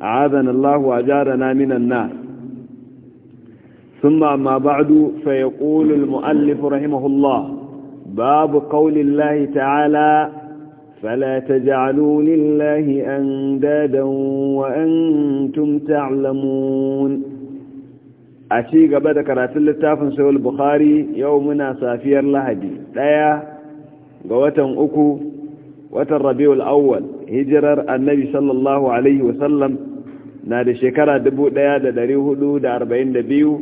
عاذنا الله وأجارنا من النار ثم ما بعد فيقول المؤلف رحمه الله باب قول الله تعالى فلا تجعلوا لله أندادا وأنتم تعلمون أشي بدك كرات اللتاف سوى البخاري يومنا سافير لهدي يا قوة أكو وتربيع الأول hijirar annabi sallallahu alaihi wasallam na da shekara 1442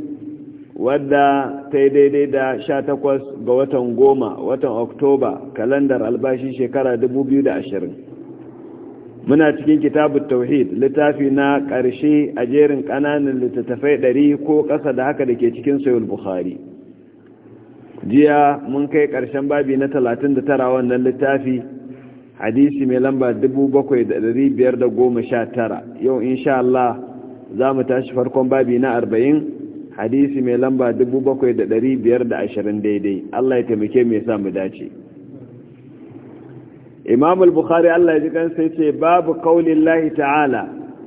wadda ta yi daidai da sha 18 ga watan goma watan oktoba kalandar albashi shekara 2020 muna cikin kitabun tauhid littafi na ƙarshe a jerin ƙananan littattafai 100 ko ƙasa da haka da ke cikin sayul buhari jiya mun kai ƙarshen babi na tara, wannan littafi hadisi mai lamba 7519 yau insha Allah za mu tashi farkon babi na 40 hadisi mai lamba 7520 daidai Allah ya taimake mai sa mu dace Imam al-Bukhari Allah ya ji kansa yace babu lahi ta'ala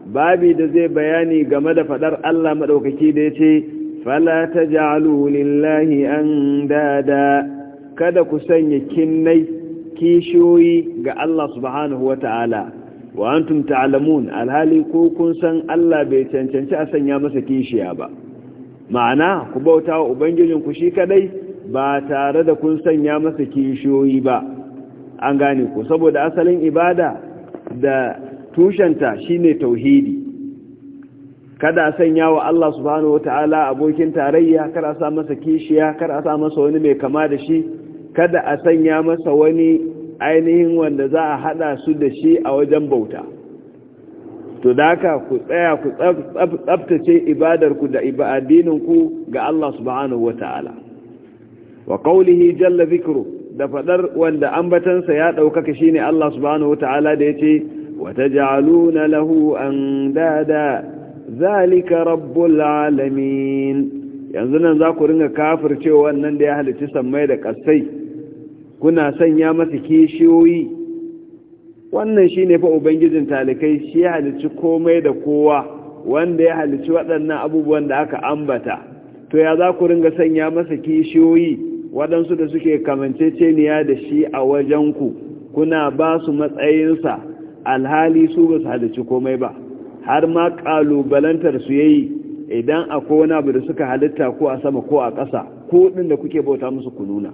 babi da zai bayani game da fadar Allah madaukaki da yace fala taj'alu lillahi andada kada ku sanya kinnai kishiyoyi ga Allah subhanahu wa ta'ala wa antum ta'lamun alhali ko kun san Allah bai cancanci a sanya masa kishiya ba ma'ana ku bauta wa ubangijin ku shi kadai ba tare da kun sanya masa kishiyoyi ba an gane ku saboda asalin ibada da tushenta shine tauhidi kada a sanya wa Allah subhanahu wa ta'ala abokin tarayya kada sa masa kishiya kada sa masa wani mai kama da shi kada a sanya masa wani ainihin wanda za a hada su da shi a wajen bauta to da ku tsaya ku tsabtace ibadarku da ibadininku ga Allah subhanahu wata'ala wa qawlihi jalla dhikru da fadar wanda ambatansa ya daukaka shine Allah subhanahu wata'ala da yace wa taj'aluna lahu andada zalika rabbul alamin yanzu nan za ku ringa kafircewa wannan da ya halicci sammai da kasai kuna sanya masa kishiyoyi wannan shi ne fa ubangijin talikai shi ya halici komai da kowa wanda ya halici waɗannan abubuwan da aka ambata to ya za ku ringa sanya masa kishiyoyi waɗansu da suke kamanceceniya da shi a wajenku kuna ba su matsayinsa alhali su ba su halici komai ba har ma ƙalubalantar su yayi idan akwai wani abu da suka halitta ko a sama ko a ƙasa ko ɗin da kuke bauta musu ku nuna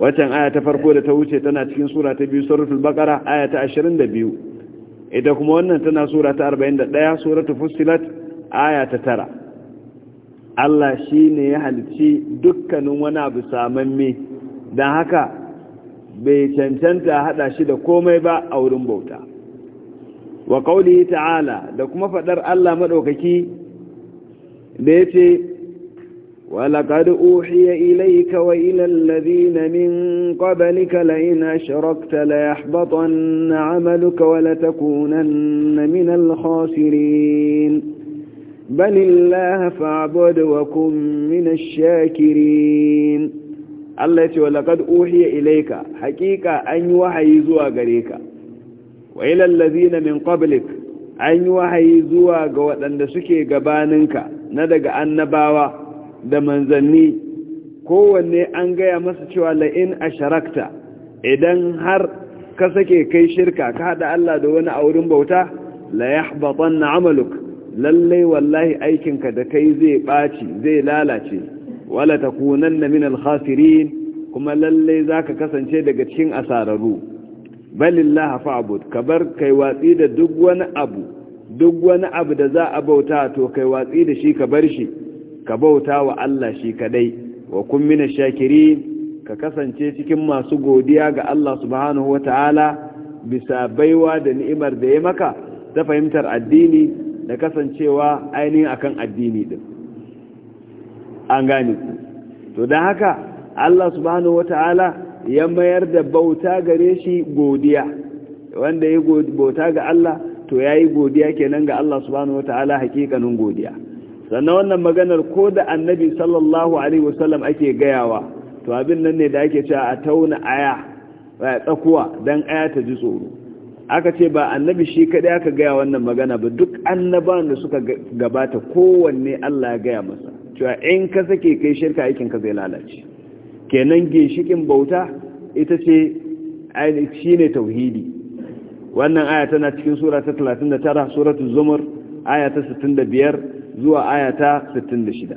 waccan aya ta farko da ta wuce tana cikin sura ta biyu suratul baqara aya ta 22 ita kuma wannan tana sura ta 41 suratul fussilat aya ta tara. Allah shine ya halici dukkanin wani abu samamme dan haka bai cancanta hada shi da komai ba a wurin bauta wa qauli ta'ala da kuma fadar Allah madaukaki da yace ولقد أوحي إليك وإلى الذين من قبلك لئن أشركت ليحبطن عملك ولتكونن من الخاسرين بل الله فاعبد وكن من الشاكرين التي ولقد أوحي إليك حقيقة أن وحي زوى غريك وإلى الذين من قبلك أن وحي زوى غوة أن سكي غبانك ندق النباوة da manzanni kowanne an gaya masa cewa la'in a sharakta idan har ka sake kai shirka ka haɗa Allah da wani aurin bauta la ya amaluk lallai wallahi aikinka da kai zai ɓaci zai lalace wala ta kunan na khasirin kuma lallai za ka kasance daga cikin asararru balillah fa'abud ka bar kai watsi da duk wani abu duk wani abu da za a bauta to kai watsi da shi ka bar shi ka bauta wa Allah shi kadai wa kun mina shakiri ka kasance cikin masu godiya ga Allah subhanahu wa ta'ala bisa baiwa da ni'imar da ya maka ta fahimtar addini da kasancewa ainihin akan addini din an gane to don haka Allah subhanahu wa ta'ala ya mayar da bauta gare shi godiya wanda ya bauta ga Allah to ya yi godiya kenan ga Allah subhanahu wa ta'ala hakikanin godiya sannan wannan maganar ko da annabi sallallahu alaihi wasallam ake gayawa to abin nan ne da ake cewa a tauna aya tsakuwa don aya ta ji tsoro aka ce ba annabi shi kaɗai aka gaya wannan magana ba duk annaban da suka gabata kowanne Allah ya gaya masa cewa in ka sake kai shirka aikin ka zai lalace kenan ginshikin bauta ita ce shi ne tauhidi wannan aya tana cikin sura ta 39 suratul zumar aya ta 65 zuwa ayata 66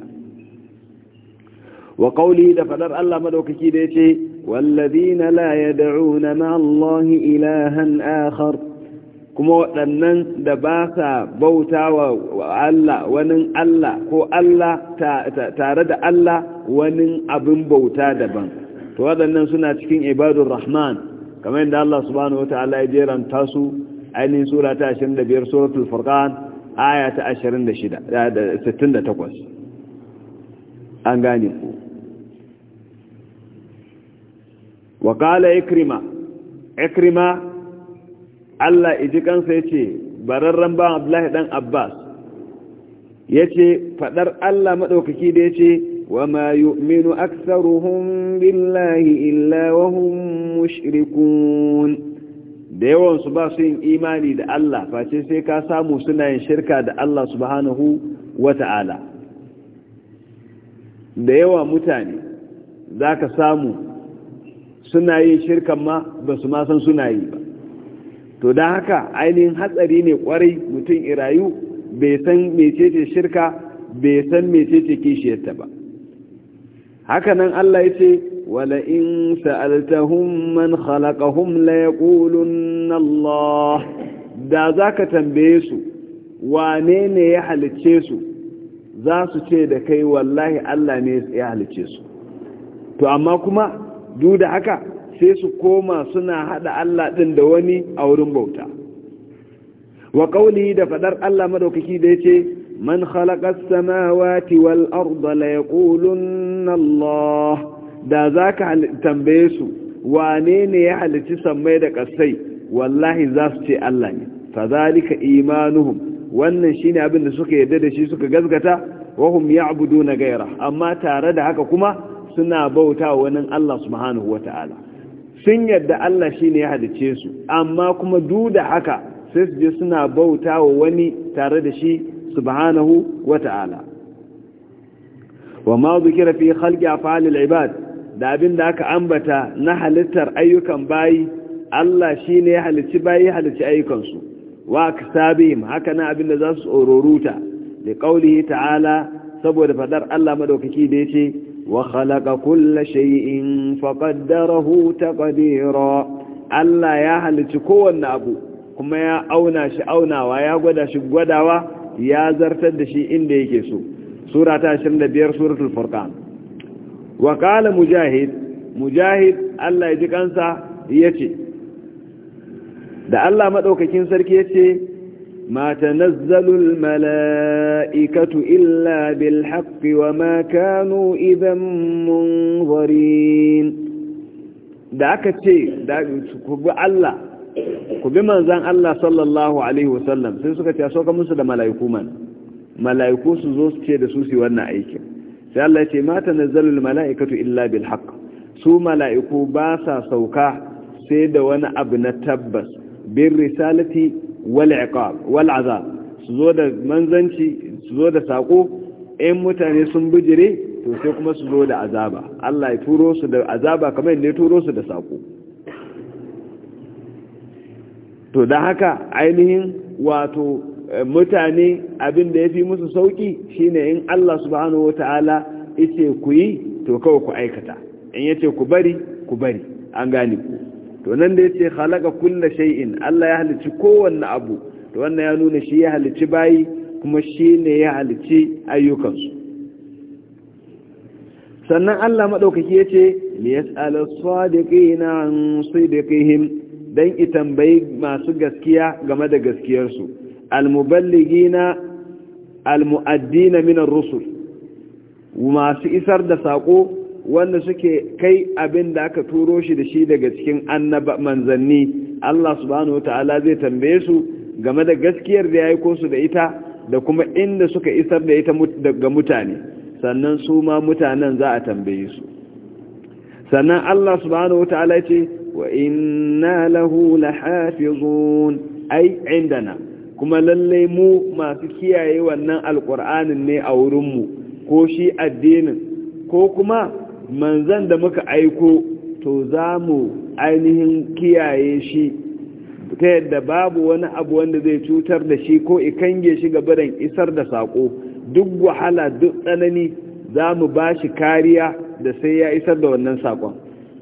wa qawli da fadar Allah madaukaki da yace wallazina la yad'una ma Allah ilahan akhar kuma waɗannan da ba sa bauta wa Allah wani Allah ko Allah tare da Allah wani abin bauta daban to waɗannan suna cikin ibadur rahman kamar yadda Allah subhanahu wa ta'ala ya jeranta su ainihin sura ta 25 suratul furqan aya ta 68 an gane ku wa kala ikrima ikrima Allah iji kansa yace bararren ba Abdullahi dan Abbas yace fadar Allah madaukaki da yace وما يؤمن أكثرهم بالله billahi وهم mushrikun da yawansu ba su yin imani da Allah face sai ka samu suna yin shirka da Allah subhanahu wa ta'ala. da yawa mutane za ka samu suna yin shirkan ma ba su san suna yi ba to don haka ainihin hatsari ne kwarai mutum irayu bai san mecece shirka bai san mecece kishiyarta ba haka nan Allah ya ce ولئن سألتهم من خلقهم ليقولن الله da za ka tambaye su wane ne ya halicce su za su ce da kai wallahi Allah ne ya halicce su to amma kuma duk da haka sai su koma suna hada Allah din da wani a wurin bauta wa qawlihi da fadar Allah madaukaki da yace man khalaqa samawati wal arda la yaqulunna Allah da za ka tambaye su wane ne ya halici sammai da ƙasai wallahi za su ce Allah ne fazalika imanuhum wannan shine abin da suka yarda da shi suka gazgata wahum ya na gaira amma tare da haka kuma suna bauta wani Allah subhanahu wata'ala sun yarda Allah shi ne ya halice su amma kuma duk da haka sai su je suna bauta wa wani tare da shi subhanahu wata'ala وما ذكر في خلق أفعال العباد da abin da aka ambata na halittar ayyukan bayi Allah shi ne ya halicci bayi ya halicci ayyukansu wa kasabihim haka na abin da za su ta da ƙaunihi ta'ala saboda faɗar Allah madaukaki da ya ce wa halaka kulla shay'in faqaddarahu taqdira Allah ya halicci kowanne abu kuma ya auna shi aunawa ya gwada shi gwadawa ya zartar da shi inda yake so sura ta 25 suratul furqan wa mujahid mujahid Allah ya ji kansa yace da Allah maɗaukakin sarki yace mata tanazzalu al mala'ikatu illa bil wa ma kanu idan munzirin da aka ce da ku bi Allah ku bi manzan Allah sallallahu alaihi wasallam sai suka ce a sauka musu da mala'iku man mala'iku su zo su ce da su su yi wannan aikin sai Allah ya ce ma tanazzalul mala'ikatu illa bil haqq su mala'iku ba sa sauka sai da wani abu na tabbas bin risalati wal iqab su zo da manzanci su zo da sako yan mutane sun bijire to sai kuma su zo da azaba Allah ya turo su da azaba kamar yadda ya turo su da sako to da haka ainihin wato Eh, mutane abin da ya fi musu sauki shine in Allah subhanahu wa ta'ala ice ku yi to kawai ku aikata in ya ce ku bari ku bari an gane ku to nan da ya ce halaka kulla shay'in Allah ya halicci kowanne abu to wannan ya nuna shi ya halicci bayi kuma shi ne ya halicci ayyukansu sannan Allah maɗaukaki ya ce liyas'ala sadiqina an sidqihim dan tambayi masu gaskiya game da gaskiyarsu almuballigina na min ar-rusul masu isar da sako wanda suke kai abin da aka turo shi da shi daga cikin annaba manzanni Allah subhanahu wata'ala zai tambaye su game da gaskiyar da yayi ko su da ita da kuma inda suka isar da ita daga mutane sannan su ma mutanen za a tambaye su sannan Allah subhanahu wata'ala ce wa inna lahu lahafizun ai indana kuma lallai mu masu kiyaye wannan alƙur'anin ne a wurinmu ko shi addinin ko kuma manzan da muka aiko to za mu ainihin kiyaye shi ta yadda babu wani abu wanda zai cutar da shi ko ikange shi ga gabaran isar da sako duk wahala duk tsanani za mu ba shi kariya da sai ya isar da wannan sakon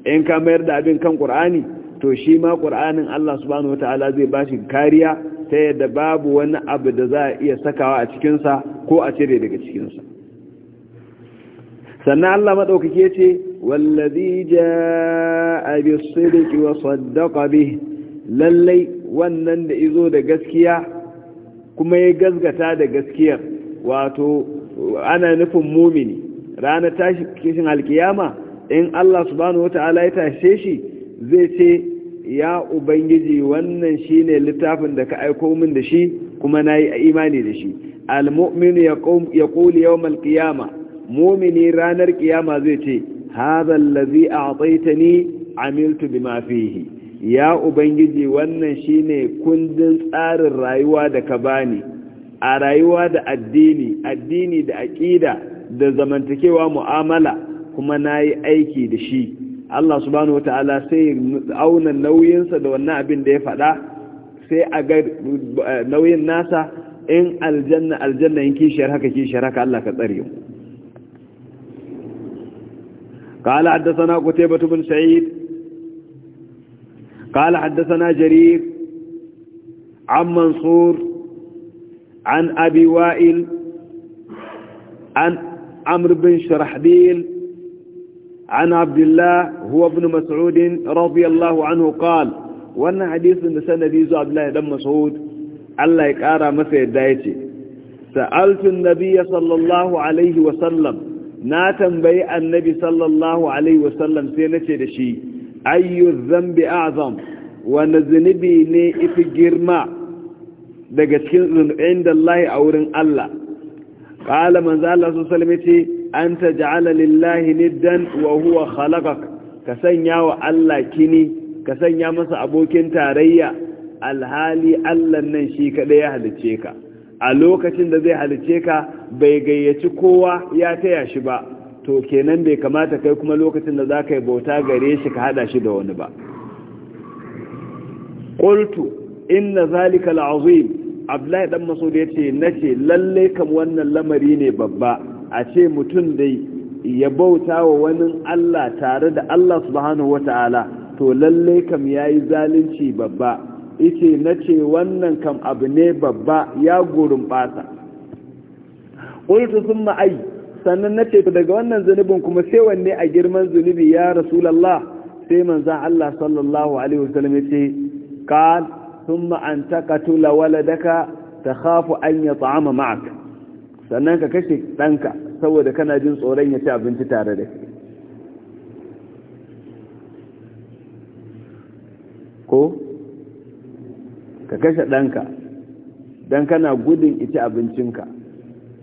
in ka mayar da abin kan ƙur'ani to shi ma ƙur'anin allah subhanahu wa ta'ala zai ba shi kariya ta yadda babu wani abu da za a iya sakawa a cikinsa ko a cire daga cikinsa sannan Allah maɗaukake ce wallazi ja'a bis-sidqi wa saddaqa bi lallai wannan da izo da gaskiya kuma ya gazgata da gaskiyar wato ana nufin mumini ranar tashi kishin alkiyama in Allah subhanahu wata'ala ya tashe shi zai ce ya ubangiji wannan shine littafin da ka aiko min da shi kuma nayi imani da shi almu'minu yaqulu yawmal qiyama mu'mini ranar qiyama zai ce hadha allazi a'taytani amiltu bima fihi ya ubangiji wannan shine kundin tsarin rayuwa da ka bani a rayuwa da addini addini da aqida da zamantakewa mu'amala kuma nayi aiki da shi Allah subhanahu wata'ala sai auna nauyinsa da wannan abin da ya faɗa sai a ga nauyin nasa in aljanna aljanna in kishiyar haka kishiyar haka Allah ka tsare mu قال حدثنا قتيبة بن سعيد قال حدثنا جرير عن منصور عن أبي وائل عن عمرو بن شرحبيل عن عبد الله هو ابن مسعود رضي الله عنه قال وانا حديث سنة ديزو عبد الله دم مسعود الله يكارى مسا يدايتي سألت النبي صلى الله عليه وسلم ناتن بيع النبي صلى الله عليه وسلم سينتي دشي أي الذنب أعظم ونزنبي ني إفجرما دقشكين عند الله أورن الله قال من ذا الله صلى الله عليه وسلم an ta ja'ala lillahi niddan wa huwa khalaqak ka sanya wa Allah kini ka sanya masa abokin tarayya alhali Allah nan shi kadai ya halice ka a lokacin da zai halice ka bai gayyaci kowa ya taya shi ba to kenan bai kamata kai kuma lokacin da za ka yi bauta gare shi ka hada shi da wani ba qultu inna zalika al'azim abdullahi dan masud yace nace lalle kam wannan lamari ne babba a ce mutum dai ya bauta wa wani Allah tare da Allah subhanahu ta'ala to lalle kam ya yi zalunci babba na ce wannan kam abu ne babba ya gurin ɓasa. qultu sun ma'ai sannan na nace daga wannan zunubin kuma sai wanne a girman zunubi ya Rasulallah, sai manza Allah sallallahu alaihi wasallam yace ka tula wala taqatula waladaka takhafu an tsama ma'aka sannan ka kashe ɗanka saboda kana jin tsoron ya ci abinci tare da shi ko ka kashe ɗanka don kana gudun ici abincinka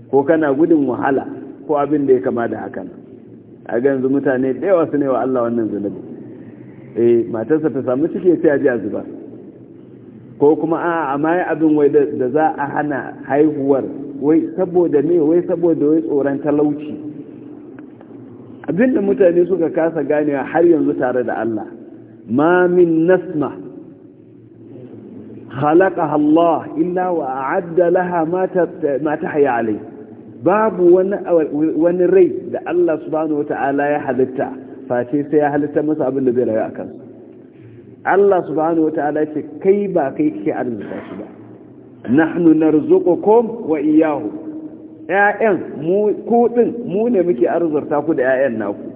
ko kana gudun wahala ko abin da ya kama da hakan a yanzu mutane da su ne wa Allah wannan zunubi eh matarsa ta samu cike sai a ji a zuba ko kuma a amma abin wai da za a hana haihuwar wai saboda me wai saboda wai tsoron talauci abinda mutane suka kasa ganewa har yanzu tare da Allah ma min nasma khalaqaha Allah illa wa a'adda laha ma tahya alai babu wani rai da Allah subhanahu wata'ala ya halitta face sai ya halitta masa abin da zai rayu akan Allah subhanahu wata'ala ce kai ba kai kike arzuta shi ba nahnu narzuqukum wa iyyahu ƴaƴan mu ku din mu ne muke arzurta ku da ƴaƴan naku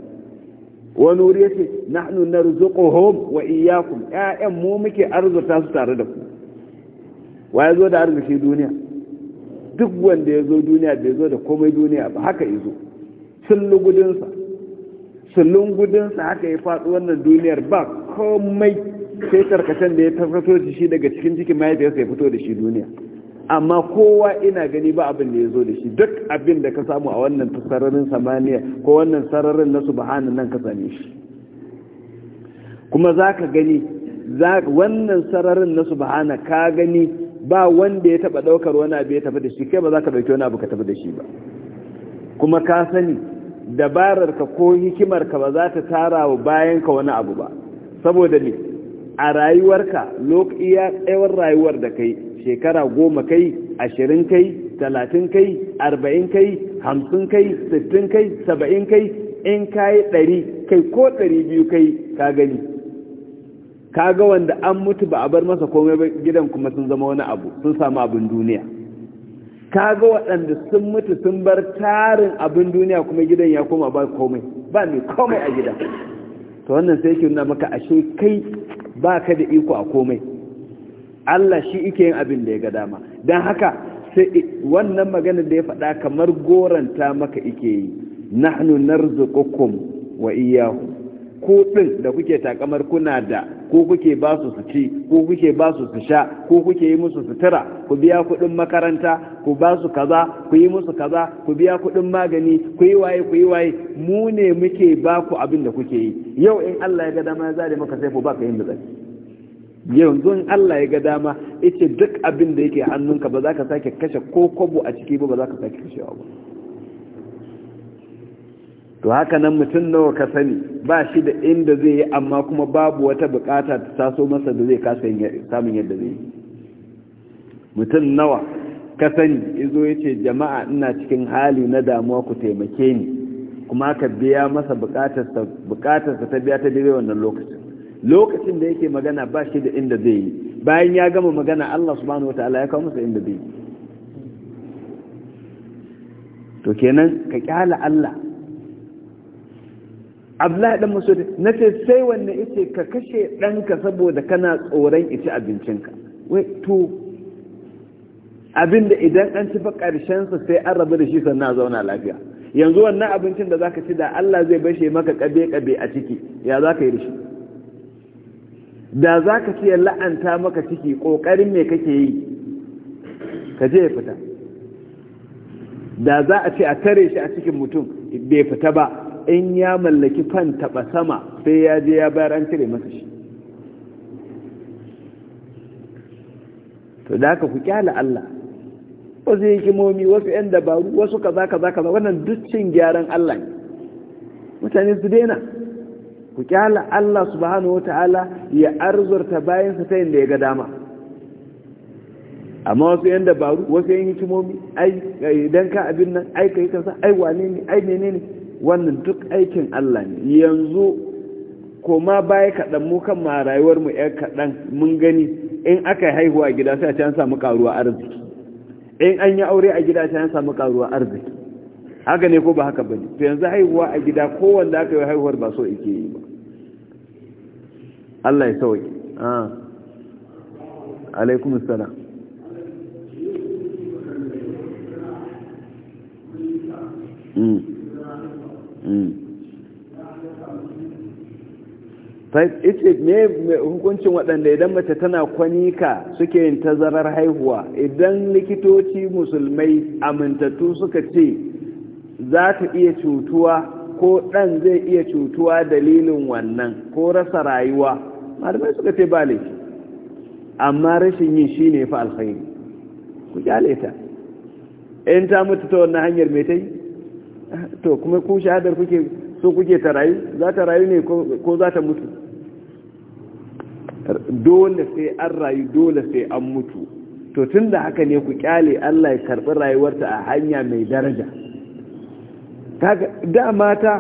wani wuri yace nahnu narzuquhum wa iyyakum ƴaƴan mu muke arzurta su tare da ku wa yazo da arziki duniya duk wanda yazo duniya bai zo da komai duniya ba haka yazo sun lugudinsa sun lugudinsa haka ya faɗi wannan duniyar ba komai sai tarkacen da ya tafkato da shi daga cikin cikin mahaifiyarsa ya fito da shi duniya amma kowa ina gani ba abin da ya zo da shi duk abin da ka samu a wannan sararin samaniya ko wannan sararin na subhanan nan ka same shi kuma za ka gani wannan sararin na subhana ka gani ba wanda ya taba daukar wani abu ya tafi da shi kai ba za ka dauki wani abu ka tafi da shi ba kuma ka sani dabararka ko hikimarka ba za ta tara wa ka wani abu ba saboda ne a rayuwarka iya tsawon rayuwar da kai shekara goma kai ashirin kai talatin kai arba'in kai hamsin kai sittin kai saba'in kai in kayi ɗari kai ko ɗari biyu kai ka gani ka ga wanda an mutu ba a bar masa komai ba gidan kuma sun zama wani abu sun samu abin duniya ka ga waɗanda sun mutu sun bar tarin abin duniya kuma gidan ya koma ba komai ba mai komai a gida to wannan sai ke nuna maka ashe kai ba ka da iko a komai Allah shi ike yin abin da ya ga dama don haka sai wannan magana da ya faɗa kamar goranta maka ike yi nahnu narzuqukum wa iyyahu ku din da kuke takamar kuna da ko kuke ba su su ci ko kuke ba su su sha ko kuke yi musu sutura ku biya kuɗin makaranta ku ba su kaza ku yi musu kaza ku biya kuɗin magani ku yi waye ku yi waye mu ne muke ba ku abin da kuke yi yau in Allah ya ga dama ya zare maka sai ku ba ka yin da yanzu in Allah ya ga dama ce duk abin da yake hannunka ba za ka sake kashe ko kwabo a ciki ba ba za ka sake kashewa ba to haka nan mutum nawa ka sani ba shi da inda zai yi amma kuma babu wata bukata ta taso masa da zai kasa samun yadda zai yi mutum nawa ka sani izo ya ce jama'a ina cikin hali na damuwa ku taimake ni kuma ka biya masa bukatarsa ta biya ta daidai wannan lokacin lokacin da yake magana ba shi da inda zai yi bayan ya gama magana Allah subhanahu wata'ala ya kawo masa inda zai yi to kenan ka kyala Allah abdullahi dan masudi na ce sai wanne ice ka kashe ɗanka saboda kana tsoron ici abincinka wai to abinda idan an ci fa ƙarshensa sai an rabu da shi sannan zauna lafiya yanzu wannan abincin da za ka ci da Allah zai bashe maka ƙabe-ƙabe a ciki ya za ka yi da shi da za ka ce la'anta maka ciki ƙoƙarin me kake yi ka je ya fita da za a ce a tare shi a cikin mutum bai fita ba in ya mallaki fan taba sama sai ya je ya bayar an cire masa shi to da ka ku kyala Allah wasu hikimomi wasu 'yan dabaru wasu kaza kaza kaza wannan dukkan gyaran Allah ne mutane su daina ku kyala Allah subhanahu wata'ala ya arzurta bayan sa yin da ya ga dama amma wasu 'yan dabaru wasu 'yan hikimomi ai idan ka abin nan ai kai kasa ai wane ne ai menene ne wannan duk aikin Allah ne yanzu koma baya kaɗan mu kan ma rayuwar mu ƴan kaɗan mun gani in aka haihuwa a gida sai a can samu karuwa arziki in an yi aure a gida sai an samu karuwa arziki haka ne ko ba haka bane to yanzu haihuwa a gida ko wanda aka yi haihuwar ba so yake yi ba Allah ya sauke ah alaikum assalam Mm. Mm. ita ne hukuncin waɗanda idan mace tana kwanika suke yin tazarar haihuwa idan likitoci musulmai amintattu suka ce za ta iya cutuwa ko ɗan zai iya cutuwa dalilin wannan ko rasa rayuwa malamai suka ce ba laifi amma rashin yin shi ne fa alkhairi ku kyale ta in ta mutu ta wannan hanyar mai ta yi to kuma ku shahadar kuke so kuke ta rayu za ta rayu ne ko za ta mutu dole sai an rayu dole sai an mutu to tun da haka ne ku kyale Allah ya karɓi rayuwarta a hanya mai daraja da mata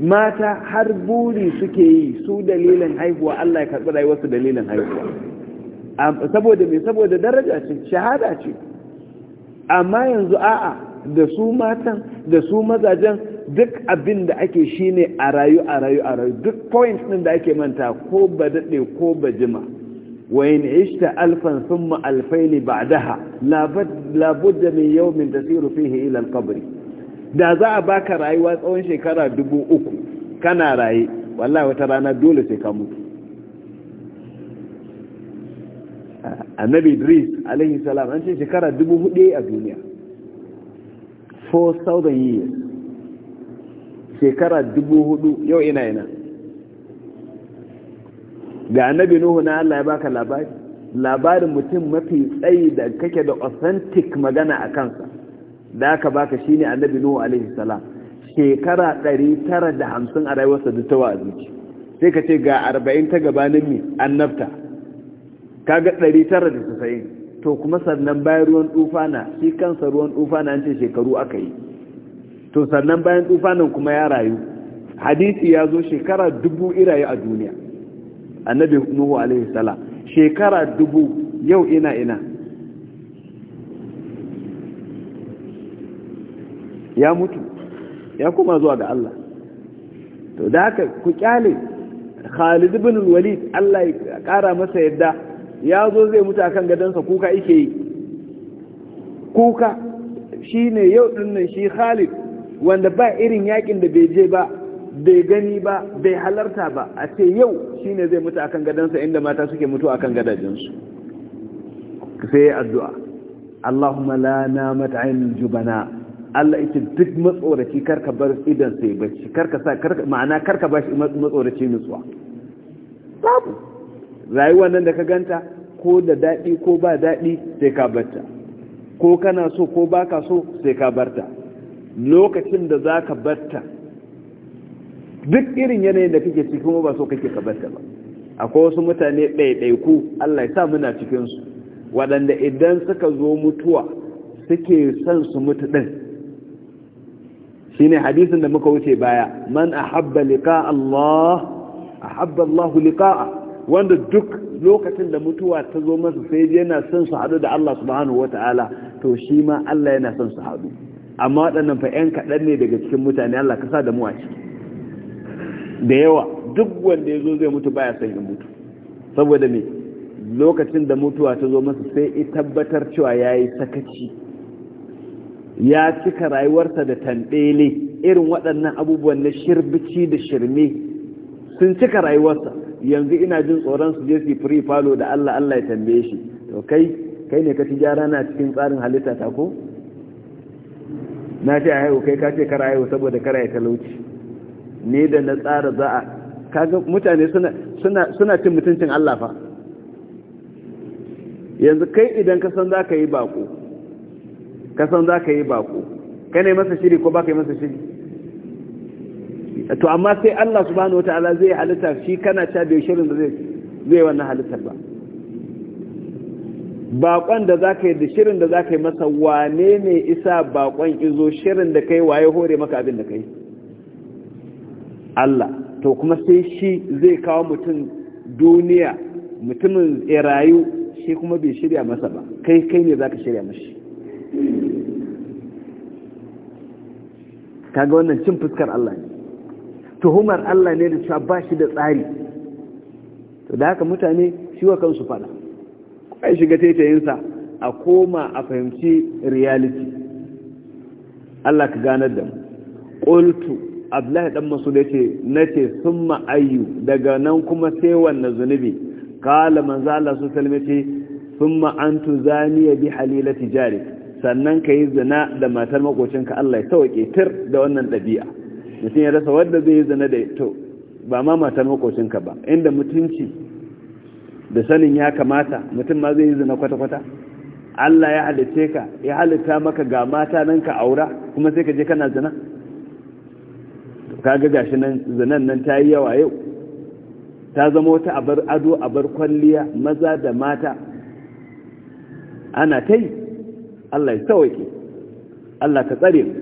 mata har buri suke yi su dalilin haihuwa Allah ya karɓi rayuwarsu dalilin haihuwa saboda mai saboda daraja ce shahada ce amma yanzu a'a da su matan da su mazajen duk abin da ake shine a rayu a rayu a rayu duk point ɗin da ake manta ko ba daɗe ko ba jima wayin ishta alfan summa alfaini ba'daha labudda min yawmin tasiru fihi ila alqabri da za a baka rayuwa tsawon shekara dubu uku kana raye wallahi wata rana dole sai ka mutu annabi idris alaihi salam an ce shekara dubu a duniya 4,000 years shekara dubu yau ina ina ga annabi nuhu na allah ya baka labari labarin mutum mafi tsayi da kake da authentic magana a kansa da aka baka shine annabi nuhu alaihi salam shekara 950 a rayuwarsa da ta wa sai ka ce ga 40 ta gabanin mi annabta kaga 990 to kuma sannan bayan ruwan tufana shi kansa ruwan tufana an ce shekaru aka yi to sannan bayan tufanin kuma ya rayu hadisi ya zo shekara dubu iraye a duniya annabi nuhu alaihi salam shekara dubu yau ina ina ya mutu ya kuma zuwa ga Allah to da haka ku kyale Khalid ibn Walid Allah ya kara masa yadda ya zo zai mutu akan gadansa kuka ike yi kuka shi ne yau dinnan shi khalid wanda ba irin yakin da bai je ba bai gani ba bai halarta ba a ce yau shi ne zai mutu akan gadansa inda mata suke mutu akan gadajinsu sai addu'a Allahumma la namat ainul jubana Allah ita duk matsoraci karka bar idan sai bacci karka sa karka ma'ana karka bashi matsoraci nutsuwa babu rayuwa nan da ka ganta ko da daɗi ko ba daɗi sai ka barta ko kana so ko ba ka so sai ka barta lokacin da za ka barta duk irin yanayin da kake ciki ba so kake ka barta ba akwai wasu mutane ɗaiɗaiku allah ya sa muna cikinsu waɗanda idan suka zo mutuwa suke son su mutu ɗin shine hadisin da muka wuce baya man ahabba liqa Allah ahabba Allah liƙa'a. wanda duk lokacin da mutuwa ta zo masa sai yana son su haɗu da Allah subhanahu wata'ala to shi ma Allah yana son su haɗu amma waɗannan fa ƴan kaɗan ne daga cikin mutane Allah ka sa da mu a ciki da yawa duk wanda ya zo zai mutu baya son ya mutu saboda me lokacin da mutuwa ta zo masa sai ya tabbatar cewa ya yi sakaci ya cika rayuwarsa da tanɗele irin waɗannan abubuwan na shirbici da shirme sun cika rayuwarsa yanzu ina jin tsoron su je su free falo da Allah Allah ya tambaye shi to kai kai ne ka ci gyara na cikin tsarin halitta ta ko na ce a haihu kai ka ce kara haihu saboda kara ya talauci ne da na tsara za a kaga mutane suna cin mutuncin Allah fa yanzu kai idan ka san za ka yi bako ka san za ka yi bako ka ne masa shiri ko ba ka yi masa shiri to amma sai Allah subhanahu wataala zai halitta shi kana ta bai shirin da zai zai wannan halittar ba bakon da zaka yi da shirin da zaka yi masa wane ne isa bakon izo shirin da kai waye hore maka abin da kai Allah to kuma sai shi zai kawo mutum duniya mutumin rayu shi kuma bai shirya masa ba kai kai ne zaka shirya mashi kaga wannan cin fuskar Allah ne tuhumar Allah ne da cewa ba shi da tsari to da haka mutane shi wa kansu fada kai shiga taitayinsa a koma a fahimci reality Allah ka ganar da mu qultu abdullahi dan masu da ce nace summa ayyu daga nan kuma sai wanne zunubi kala manzo Allah su salme summa antu zaniya bi halilati jari sannan kai zina da matar makocinka Allah ya sauke tir da wannan dabi'a mutum ya rasa wadda zai yi zina da to ba ma matar makocinka ba inda mutunci da sanin ya kamata mutum ma zai yi zina kwata-kwata Allah ya halitta ka ya halitta maka ga mata nan ka aura kuma sai ka je kana zina kaga gashi nan zinan nan tayi yawa yau ta zama wata abar ado abar kwalliya maza da mata ana ta yi Allah ya sauke Allah ka tsare mu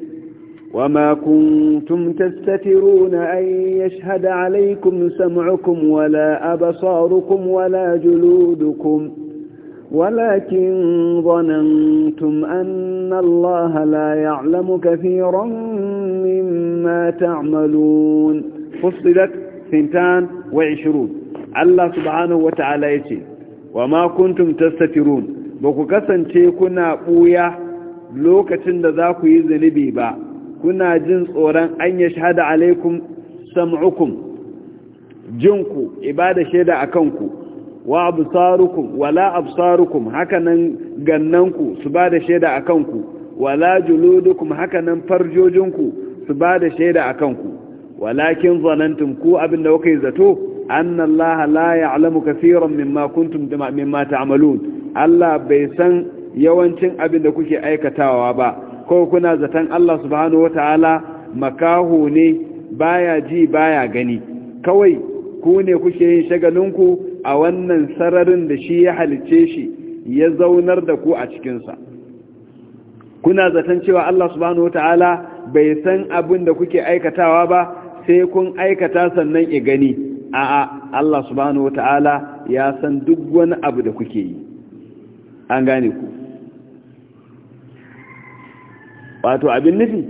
وما كنتم تستترون أن يشهد عليكم سمعكم ولا أبصاركم ولا جلودكم ولكن ظننتم أن الله لا يعلم كثيرا مما تعملون فصلت ثنتان وعشرون الله سبحانه وتعالى يتي وما كنتم تستترون بكو كسن تيكونا قوية لوكة تندذاكو يزنبي با kuna jin tsoron an ya shahada alaikum sam'ukum jinku ibada shaida a ku wa absarukum wala absarukum hakanan gannanku su ba da shaida a ku. wala juludukum hakanan farjojinku su ba da shaida a kanku walakin zanantum ku abin da zato annallaha la ya'lamu kaseeran mimma kuntum mimma ta'malun Allah bai san yawancin abin da kuke aikatawa ba ko kuna zaton Allah subhanahu wata'ala makaho ne baya ji baya gani kawai ku ne kuke yin shagalinku a wannan sararin da shi ya halice shi ya zaunar da ku a cikinsa kuna zaton cewa Allah subhanahu wata'ala bai san abin da kuke aikatawa ba sai kun aikata sannan ya gani a'a Allah subhanahu wata'ala ya san duk wani abu da kuke yi an gane ku wato abin nufi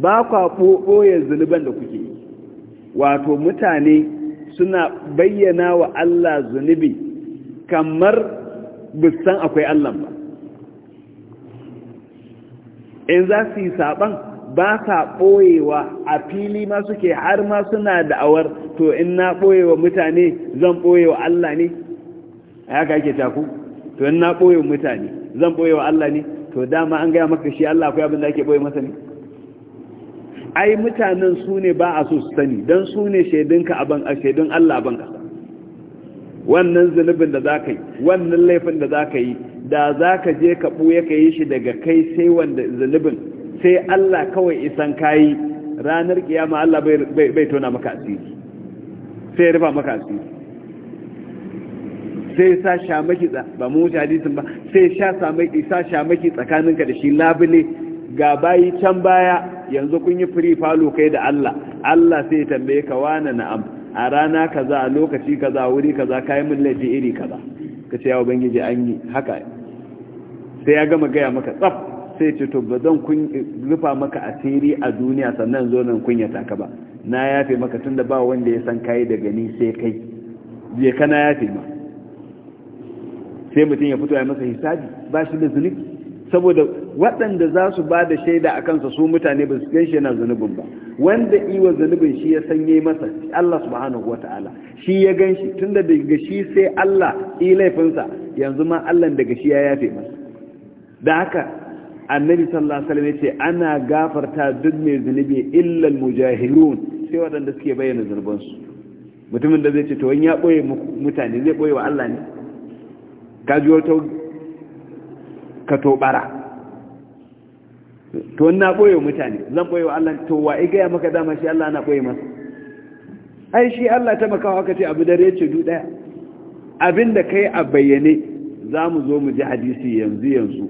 ba kwa ɓoye zunuban da kuke wato mutane suna bayyana wa Allah zunubi kamar bisan akwai Allah ba in za su yi saɓan ba sa ɓoyewa a fili ma suke har ma suna da'awar to in na ɓoyewa mutane zan ɓoyewa Allah ne a yaka ake taku to in na ɓoyewa mutane zan ɓoyewa Allah ne to dama an gaya maka shi Allah akwai abin da ake boye masa ne ai mutanen su ne ba a so su sani don su ne shaidunka a ban shaidun Allah a ban wannan zunubin da za ka yi wannan laifin da za ka yi da za ka je ka ɓuya ka yi shi daga kai sai wanda zunubin sai Allah kawai isan kayi ranar kiyama Allah bai tona maka asiri sai ya rufa maka asiri sai sa shamaki ba mu wuce hadisin ba sai sha sa shamaki tsakaninka da shi labule ga bayi can baya yanzu kun yi free falo kai da Allah Allah sai ya tambaye ka wana na'am a rana kaza a lokaci kaza wuri kaza kai min laifi iri kaza ka ce ya bangiji an yi haka sai ya gama gaya maka tsaf sai ce to ba zan kun rufa maka asiri a duniya sannan zo nan kunyata ka ba na yafe maka tunda ba wanda ya san kai daga ni sai kai je kana yafe ma sai mutum ya fito ya masa hisabi ba shi da zunubi saboda waɗanda za su ba da shaida a kansa su mutane ba su gan shi yana zunubin ba wanda iwa zunubin shi ya sanye masa Allah subhanahu wa ta'ala shi ya gan shi tun da daga shi sai Allah yi laifinsa yanzu ma Allah daga shi ya yafe masa da haka annabi sallallahu alaihi wasallam yace ana gafarta duk mai zunubi illa mujahirun sai waɗanda suke bayyana zunubansu mutumin da zai ce to wani ya boye mutane zai boye wa Allah ne ji wato ka tobara to na boye mutane zan boye wa Allah to wa iga ya maka dama shi Allah na boye masa ai shi Allah ta maka aka ce abu dare ce du daya abinda kai a bayyane za mu zo mu ji hadisi yanzu yanzu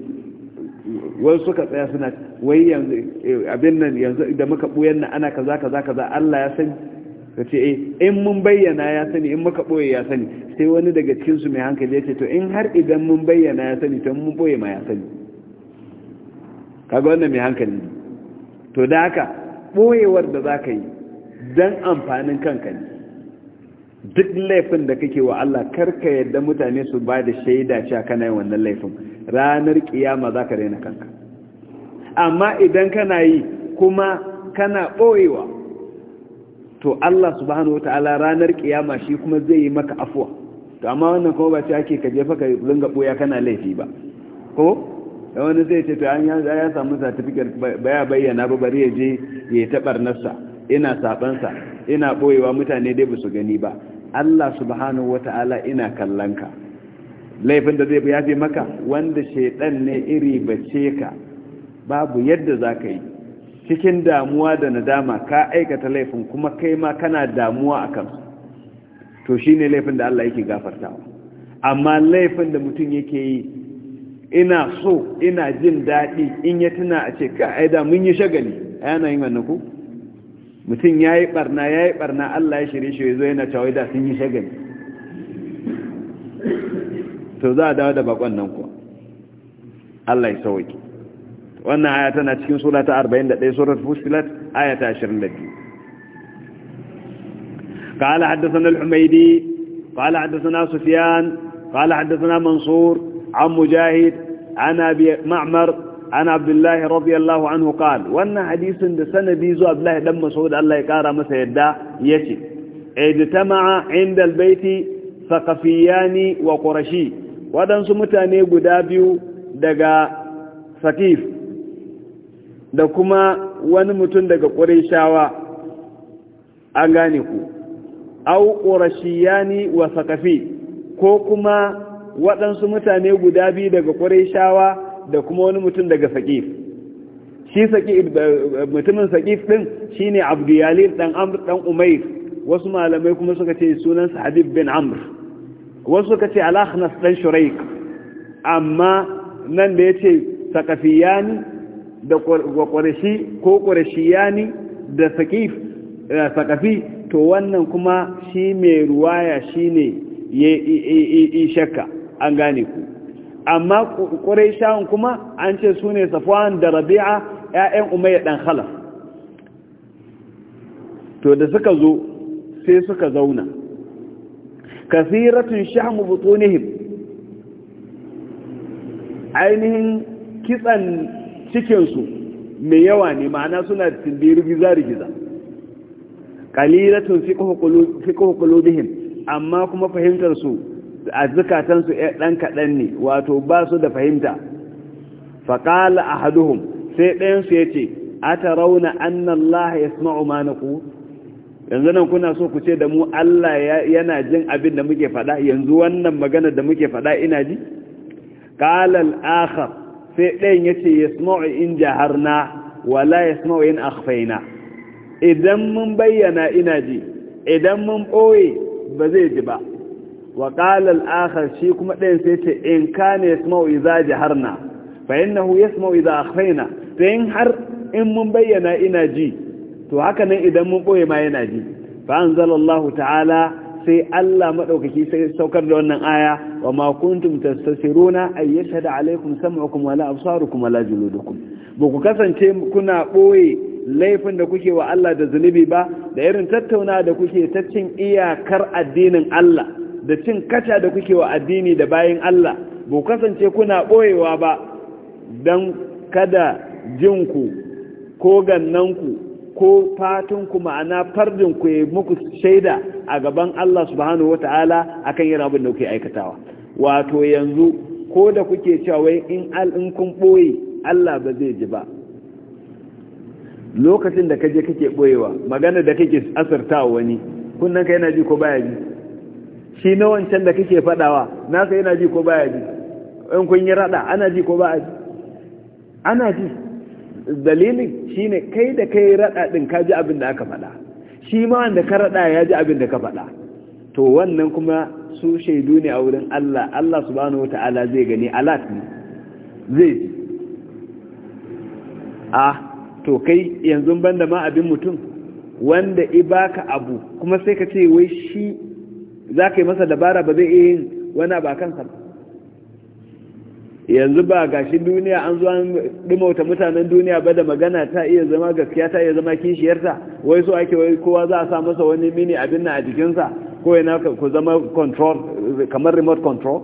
wai suka tsaya suna wai yanzu eh, abin nan yanzu da muka buyan nan ana kaza kaza kaza Allah ya san ka ce eh, in mun bayyana ya sani in muka ɓoye ya sani sai wani daga cikinsu mai hankali ya ce to in har idan mun bayyana ya sani to mun ɓoye ma ya sani kaga wannan mai hankali to da haka ɓoyewar da za ka yi don amfanin kanka ne duk laifin da kake wa Allah karka yadda mutane su ba da shaida cewa kana yin wannan laifin ranar kiyama za ka raina kanka amma idan kana yi kuma kana ɓoyewa to Allah subhanahu wataala ranar kiyama shi kuma zai yi maka afuwa to amma wannan kuma ba ce ake ka jefa ka ringa boya kana laifi ba ko dan wani zai ce to an ya samu certificate baya bayyana ba bari ya je ya tabar nasa ina sabansa ina boyewa mutane dai ba su gani ba Allah subhanahu wataala ina kallanka laifin da zai yafe maka wanda shaiɗan ne iri bace ka babu yadda zaka yi cikin damuwa da nadama ka aikata laifin kuma kai ma kana damuwa a kansu to shi ne laifin da Allah yake gafartawa amma laifin da mutum yake yi ina so ina jin daɗi in ya tuna a ce ka aida mun yi shagali a yanayin wannan ku mutum ya yi ɓarna ya yi ɓarna Allah ya shirye shi zo yana cewa da sun yi shagali to za a dawo da bakon nan ku Allah ya sauki wannan aya tana cikin sura ta 41 surat fushilat aya ta 22 qala hadathana al-humaydi qala hadathana sufyan qala hadathana mansur an mujahid an abi ma'mar an abdullah radiyallahu anhu qala wannan hadithin da sanadi zuwa dan mas'ud Allah ya kara masa yadda yace ijtama'a inda al sakafiyani wa qurashi wadansu mutane guda biyu daga Sakif da kuma wani mutum daga ƙurishawa an gane ku au ƙurashiyani wa sakafi ko kuma waɗansu mutane guda biyu daga ƙurishawa da kuma wani mutum daga saƙif shi mutumin saƙif ɗin shi ne abdiyalin ɗan amr ɗan umair wasu malamai kuma suka ce sunansa habib bin amr wasu suka ce alakhnas ɗan shuraik amma nan da ya ce sakafiyani da ƙwarashi ko ƙwarashiyani da saƙafi eh, to wannan kuma shi mai ruwaya shi ne ya shakka an gane ku amma ƙwarashiyani kuma an ce su ne safuwan da rabi'a 'ya'yan umar ɗan khalaf to da suka zo sai suka zauna kasiratun sha'amu butonihim ainihin kitsan cikin su mai yawa ne ma'ana suna timbiri rigiza-rigiza kalilatun fiƙo bihin amma kuma fahimtar su a zukatansu ɗan kaɗan ne wato ba su da fahimta faƙala a haduhun sai ɗayansu ya ce a ta rauna annan laha ya suna ma ku yanzu nan kuna so ku ce da mu Allah yana jin abin da muke faɗa yanzu wannan magana da muke faɗa ina ji ƙalal akhar sai ɗayan ya ce ya sma'u in jaharna wala ya sma'u in akhfaina idan mun bayyana ina ji idan mun ɓoye ba zai ji ba wa ƙalal akhar shi kuma ɗayan sai ce in kana ya sma'u iza jaharna fa innahu ya sma'u iza akhfaina to har in mun bayyana ina ji to haka nan idan mun ɓoye ma yana ji fa anzalallahu ta'ala sai Allah maɗaukaki sai saukar da wannan aya wa ma kuntum tastasiruna ay yashhadu alaykum sam'ukum wala absarukum wala juludukum ba ku kasance kuna boye laifin da kuke wa Allah da zunubi ba da irin tattauna da kuke ta cin iyakar addinin Allah da cin kaca da kuke wa addini da bayin Allah ba ku kasance kuna boyewa ba dan kada jinku ko gannanku ko fatinku ma'ana fardinku ya muku shaida a gaban Allah subhanahu wa a akan yin abin da kuke aikatawa wato yanzu ko da kuke cewa wai in al'in kun boye Allah ba zai ji ba lokacin da kaje kake boyewa magana da kake asartawa wani kunnan ka yana ji ko baya ji shi na wancan da kake fadawa nasa yana ji ko baya ji in kun yi rada ana ji ko baya ji ana ji dalilin shine kai da kai rada din ka ji abin da aka fada shi ma wanda ka raɗa ya ji abin da ka faɗa to wannan kuma su shaidu ne a wurin Allah Allah subhanahu ta'ala, zai gani alat ne zai ji ah to kai yanzu ban da ma abin mutum wanda i baka abu kuma sai ka ce wai shi za ka yi masa dabara ba zai iya yin wani abu a kansa ba yanzu ba gashi duniya an zo an dumauta mutanen duniya ba da magana ta iya zama gaskiya ta iya zama kishiyarta wai so ake wai kowa za a sa masa wani mini abin na a jikinsa ko yana ku zama control kamar remote control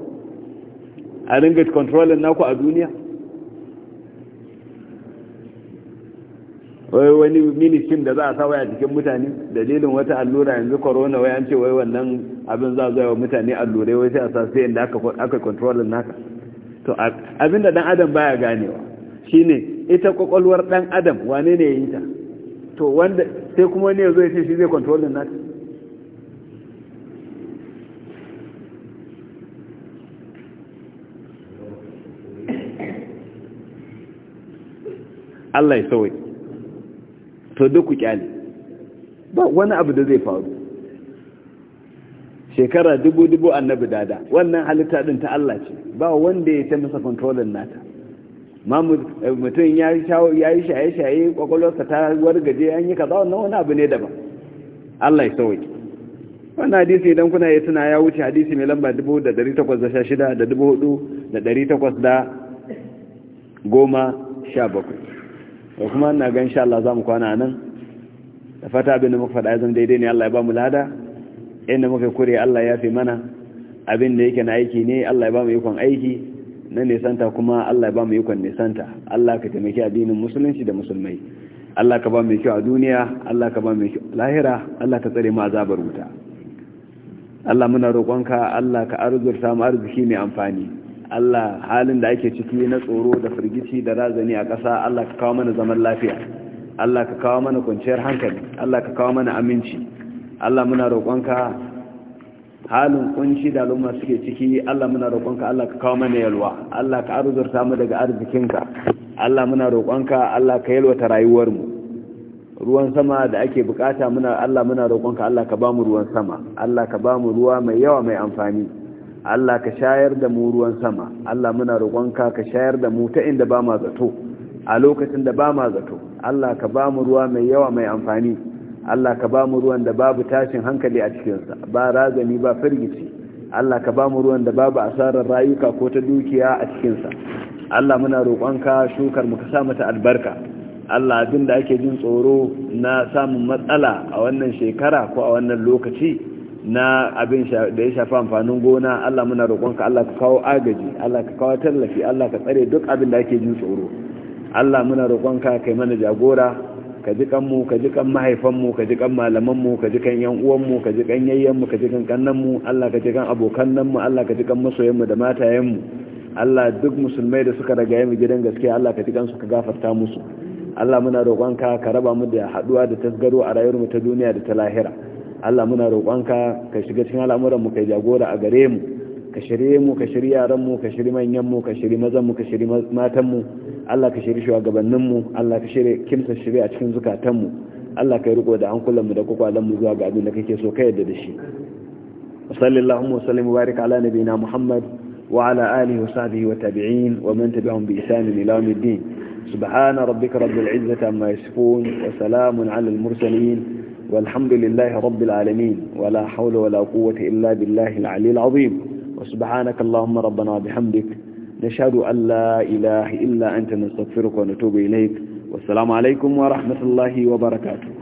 a ringa controlling naku a duniya wai wani mini ministim da za a sa a jikin mutane dalilin wata allura yanzu corona wai an ce wai wannan abin za a zo wa mutane allurai wai sai a sa sai inda aka controlling naka to abinda dan adam baya ganewa shine ita kokolwar dan adam wane ne yayin ta to wanda sai kuma ne yazo ya ce shi zai control din nata Allah ya sauye to duk ku kyale ba wani abu da zai faru shekara dubu dubu annabi dada wannan halitta din ta Allah ce ba wanda ya taimaka masa kontrolin nata ma eh, mutum ya yi shaye-shaye kwakwalwarsa ta wargaje an yi kaza wannan wani abu ne daban Allah ya sauki wannan hadisi idan kuna ya tuna ya wuce hadisi mai lamba dubu da 4817 da kuma na gan sha Allah za mu kwana nan da fata abin da muka faɗa ya zama daidai ne Allah ya ba mu lada inda muka kure Allah ya fi mana abin da yake na aiki ne Allah ya ba mu ikon aiki na nisanta kuma Allah ya ba mu ikon nisanta Allah ka taimaki addinin musulunci da musulmai Allah ka ba mu kyau a duniya Allah ka ba mu kyau lahira Allah ka tsare mu azabar wuta Allah muna roƙonka Allah ka arzurta mu arziki mai amfani Allah halin da ake ciki na tsoro da firgici da razani a ƙasa Allah ka kawo mana zaman lafiya Allah ka kawo mana kwanciyar hankali Allah ka kawo mana aminci Allah muna roƙonka halin kunshi da al'umma suke ciki Allah muna roƙonka Allah ka kawo mana yalwa Allah ka arzurta mu daga arzikinka Allah muna roƙonka Allah ka yalwata rayuwar mu ruwan sama da ake bukata muna Allah muna roƙonka Allah ka bamu ruwan sama Allah ka bamu ruwa mai yawa mai amfani Allah ka shayar da mu ruwan sama Allah muna roƙonka ka shayar da mu ta inda ba ma zato a lokacin da ba ma zato Allah ka bamu ruwa mai yawa mai amfani Allah ka ba mu ruwan da babu tashin hankali a cikinsa ba razani ba firgici Allah ka ba mu ruwan da babu asarar rayuka ko ta dukiya a cikinsa Allah muna roƙonka shukar mu ka sa mata albarka Allah abin da ake jin tsoro na samun matsala a wannan shekara ko a wannan lokaci na abin da ya shafi amfanin gona Allah muna roƙonka Allah ka kawo agaji Allah ka kawo tallafi Allah ka tsare duk abin da ake jin tsoro Allah muna roƙonka kai mana jagora ka ji kanmu ka ji kan mahaifanmu ka ji kan malamanmu ka ji kan yan uwanmu ka ji kan yayyanmu ka ji kan kannanmu Allah ka ji kan abokan Allah ka ji kan masoyanmu da matayenmu Allah duk musulmai da suka ragaye mu gidan gaskiya Allah ka ji kan su ka gafarta musu Allah muna roƙonka ka raba mu da haduwa da tasgaro a rayuwar ta duniya da ta lahira Allah muna roƙonka ka shiga cikin al'amuran mu kai jagora a gare mu ka shirye mu ka shirye yaran mu ka shirye manyan mu ka shirye mazan mu ka shirye matan mu Allah ka shirye shugabannin mu Allah ka shirye kimsa shirye a cikin zukatan mu Allah ka riko da hankulan mu da kwakwalan mu zuwa ga abin da kake so ka yarda da shi sallallahu wa sallam barik ala nabiyina muhammad wa ala alihi wa sahbihi wa tabi'in wa man tabi'ahum bi ihsan ila yawmiddin subhana rabbika rabbil izzati amma yasifun wa salamun ala al mursalin والحمد لله رب العالمين ولا حول ولا قوة إلا بالله العلي العظيم وسبحانك اللهم ربنا وبحمدك نشهد أن لا إله إلا أنت نستغفرك ونتوب إليك والسلام عليكم ورحمة الله وبركاته